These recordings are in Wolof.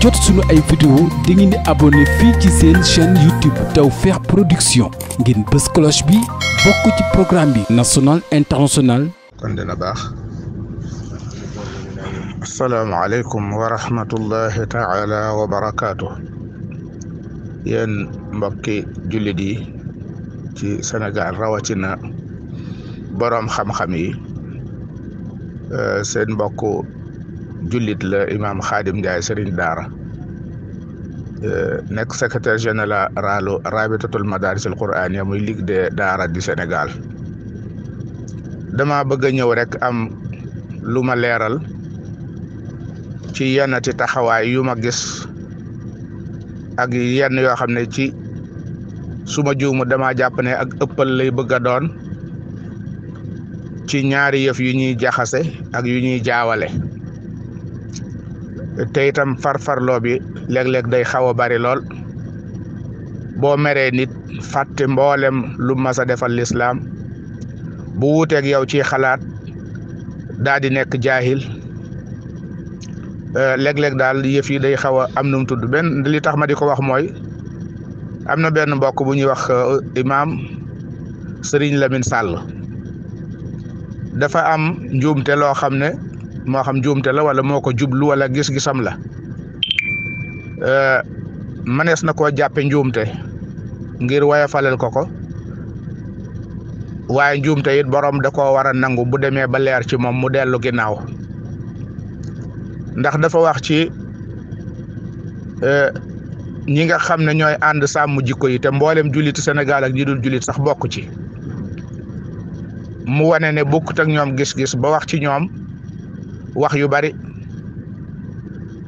jot suñu ay vidéo da ngeen di abonné fii ci seen chaîne YouTube Tawfekh Production ngeen bës cloche bi bokk ci programme bi national international kon baax asalaamaaleykum wa rahmatullahi taala wa mbokki jullit yi ci Sénégal rawatina boroom xam-xam yi euh, seen mbokk jullit la imaam xaadim Ndiaye sëriñ daara euh, nekk secretaire général ralu rabitatul madaris al qur'aniya muy ligue de daara du Sénégal dama bëgg a ñëw rek am lu ma leeral ci yenn taxawaay yu ma gis ak yenn yoo xam ne ci suma juumu dama jàpp ne ak ëppal lay bëgg a doon ci ñaari yëf yu ñuy jaxase ak yu ñuy jaawale te itam farfarloo bi léeg day xaw a bari lool boo meree nit fàtte mboolem lu mas a defal lislaam bu wuuteeg yow ci xalaat daa nekk jaaxil euh, léeg-léeg daal yëf yi day xaw a am nu mu tudd benn li tax ma di ko wax mooy am na benn mbokk bu ñuy wax euh, imaam Serigne Lamine Sall dafa am njuumte loo xam ne. moo xam juumte la wala moo ko jublu wala gis-gisam la euh, mënees na koo jàppe njuumte ngir waya falal ko ko waaye njuumte it borom da ko war a nangu bu demee ba leer ci moom mu dellu ginnaaw ndax dafa wax ci euh, ñi nga xam ne ñooy ànd sàmm jikko yi te mboolem jullitu Sénégal ak ñi dul jullit sax bokk ci mu wane ne bokkut ak ñoom gis-gis ba wax ci ñoom wax yu bari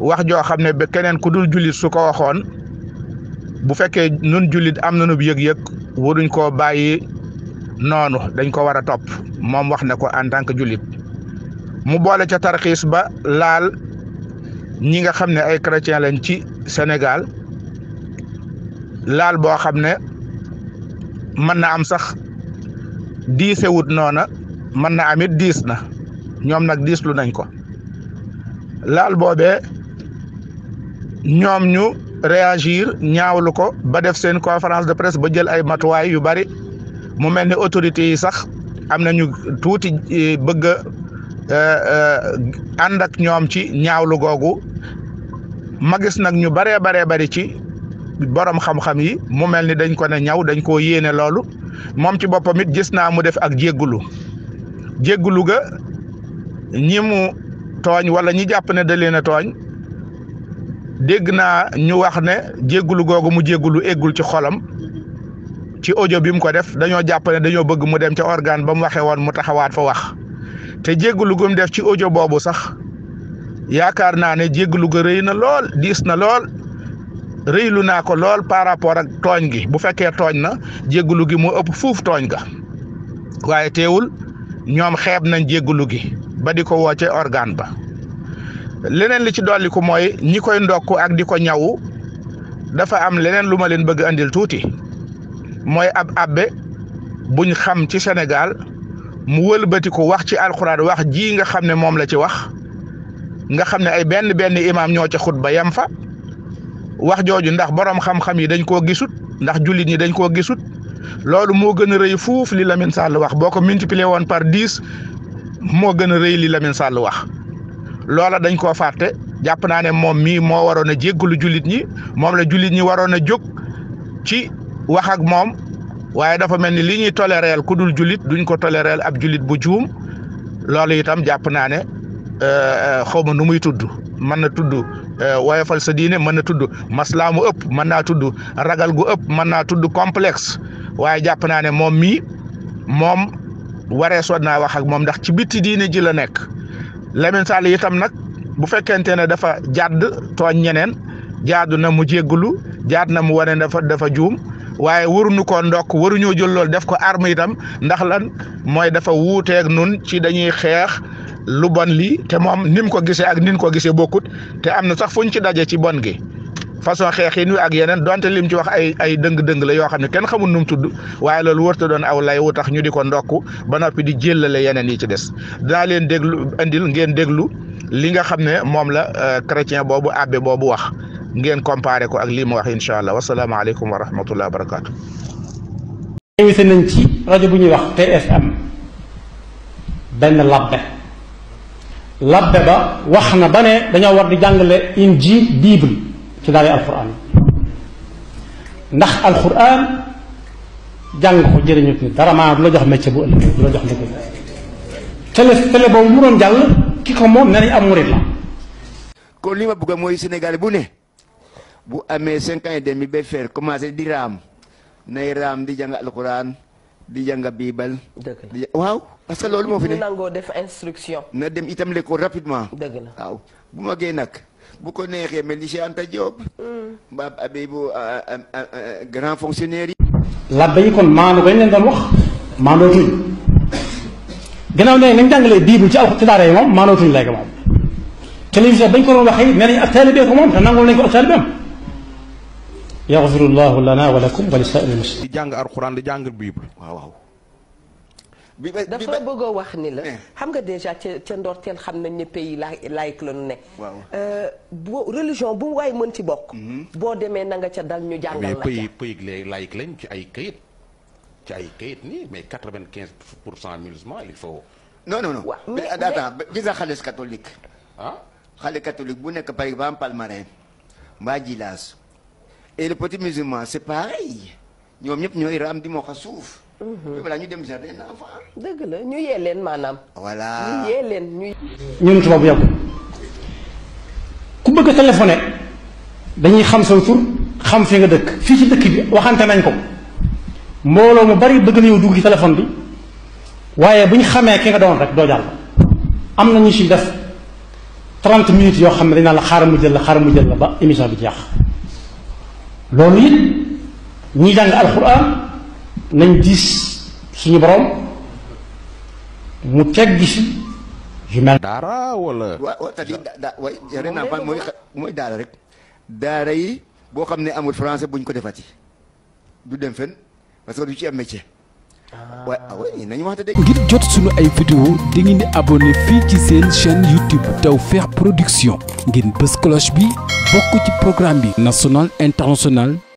wax joo xam ne ba keneen ku dul jullit su ko waxoon bu fekkee nun jullit am na nu bu yëg-yëg waruñ koo bàyyi noonu dañ ko war a topp moom wax na ko en tant que jullit mu boole ca tarxiis ba laal ñi nga xam ne ay chrétien lañ ci senegal laal boo xam ne mën na am sax diisewut noona mën na amit diis na ñoom nag diislu nañ ko laal boobee ñoom ñu réagir ñaawlu ko ba def seen conférence de presse ba jël ay matuwaay yu bari mu mel ni autorités yi sax am nañu tuuti e, bëgg a e, e, ànd ak ñoom ci ñaawlu googu ma gis nag ñu baree baree bari ci boroom xam-xam yi mu mel ni dañ ko ne ñaw dañ koo yéene loolu moom ci boppamit gis naa mu def ak jéggulu jéggulu ga ñi tooñ wala ñi jàpp ne da leen a tooñ dégg naa ñu wax ne jéggulu googu mu jéggulu éggul ci xolam ci audio bi mu ko def dañoo jàpp ne dañoo bëgg mu dem ca organe ba mu waxee woon mu taxawaat fa wax te jéggulu gu def ci audio boobu sax yaakaar naa ne jéggulu ga rëy na lool diis na lool rëylu naa ko lool par rapport ak tooñ gi bu fekkee tooñ na jéggulu gi moo ëpp fuuf tooñ ga waaye teewul ñoom xeeb nañ jéggulu gi ba di ko woo ca organe ba leneen li ci dolliku mooy ñi koy ndokk ak di ko ñaw dafa am leneen lu ma leen bëgg andil tuuti mooy ab abbe buñ xam ci senegal mu wëlbati ko wax ci alxuraan wax ji nga xam ne moom la ci wax nga xam ne ay benn benn imaam ñoo ca ba yam fa wax jooju ndax borom xam-xam yi dañ koo gisut ndax jullit ñi dañ koo gisut loolu moo gën a rëy fuuf li Lamine Sall wax boo ko multiplier woon par dix moo gën a rëy li Lamine wax loola dañ koo fàtte jàpp naa ne moom mii moo waroon a jéggalu julit ñi moom la jullit ñi waroon a jóg ci wax ak moom waaye dafa mel ni li ñuy toléreel ku dul jullit duñ ko toléreel ab julit bu juum loolu itam jàpp naa ne euh, euh, xaw ma nu muy tudd mën na tudd euh, woyofal sa diine mën na tudd maslaa mu ëpp mën naa tudd ragal gu ëpp mën naa tudd complexe waaye jàpp naa ne moom mii moom waree soon naa wax ak moom ndax ci bitti diine ji la nekk Lamine Sall itam nag bu fekkente ne dafa jàdd tooñ ñeneen jaadu na mu jéggulu jaad na mu wane dafa dafa juum waaye waruñu ko ndokk waruñoo jël loolu def ko arme itam ndax lan mooy dafa wuuteeg nun ci dañuy xeex lu bon lii te moom nim ko gisee ak nin ko gisee bokkut te am na sax fuñ ci daje ci bon gi façon xeexin wi ak yeneen donte lim ci wax ay ay dëng-dëng la yoo xam ne kenn xamul nu mu tudd waaye loolu wërta doon aw lay wu tax ñu di ko ndokk ba noppi di jëllale yeneen yi ci des daa leen déglu indil ngeen déglu li nga xam ne moom la euh, chrétien boobu abbé boobu wax ngeen comparé ko ak lii mu wax incha allah wasalaamaaleykum wa rahmatullah wa barakaatu. ci rajo bu ñuy wax TFM benn labbe labbe ba wax na ba ne dañoo war di jàngale injil bible. ci daara alquran ndax alquran jàng ko jëriñut ni dara maanaam du la jox métier bu ëllëg du la jox liggéey boobu mu doon jàll ki ko moom nee nañ la. kon li ma bëgg mooy Sénégal bu ne bu amee cinq ans et demi ba faire commencé di raam nay raam di jàng alquran di jàng biibal. dëgg la loolu moo fi ne. nangoo def instruction. na dem itam l'école rapidement. dëgg la bu magee nag. bu ko neexee mel ni Cheikh Anta Diop. Mm. Mbab Abibou grand fonctionnaire yi. labbe yi kon maandu gañ leen doon wax maandootuñ gannaaw nee nañ jàngalee biibu ci aw ci daara yi moom maandootuñ léegi moom. télévision bañ ko doon waxee nee nañ ak taalibe ko moom te nangul nañ ko ak taalibeem. yaxfirullahu lana wa lakum wa li saa'iril muslimin di jàng alxuraan di jàng biibu waaw waaw. bi ba dafa la bëggoo wax ni la. Eh. xam nga déjà ca ca ndorteel xam nañ ne pays laïque la lañu ne. waaw euh, boo religion bu waay mën ci bokk. Mhm. boo demee na nga ca dal ñu jàngal la ca. lañ ci ay kayit ci ay kayit nii mais quatre-vingt-quinze pour cent musulmans il faut. no non non mais attends gis nga xaalis catholique. ah xale catholique bu nekk par exemple Palmarin mbaa Djilas et le petit musulman c'est pareil ñoom ñëpp ñooy raam di moo xa suuf. voilà mmh. ñu dem jardin d'enfant. dëgg la ñu yee leen maanaam. voilà ñu yee leen ñu. ñun tubaab yàggul ku bëgg a dañuy xam sa tur xam fi nga dëkk fii ci dëkk bi waxante nañ ko mbooloo mu bari bëgg na yow dugg ci téléphone bi waaye bu ñu xamee ki nga doon rek doo jàll am na ñu ci def trent minutes yoo xam ne dañ naan la xaaral mu jël la xaaral mu jël la ba émission bi jeex loolu it ñiy jàng alxuraan. nañ diis suñu borom mu teggi si yu mel. daara wala. waaw c'est-à-dire daa waay naa mooy mooy daara rek daara yi boo xam ne amul français buñ ko ci du dem fen parce que du ci am métier. waaw ah. waaw ah, nañu waxte de. ngir jot suñu ay vidéo di ngeen di abonné fii ci seen chaîne YouTube Tawfekh Production ngeen bës cloche bi bokk ci programme bi national international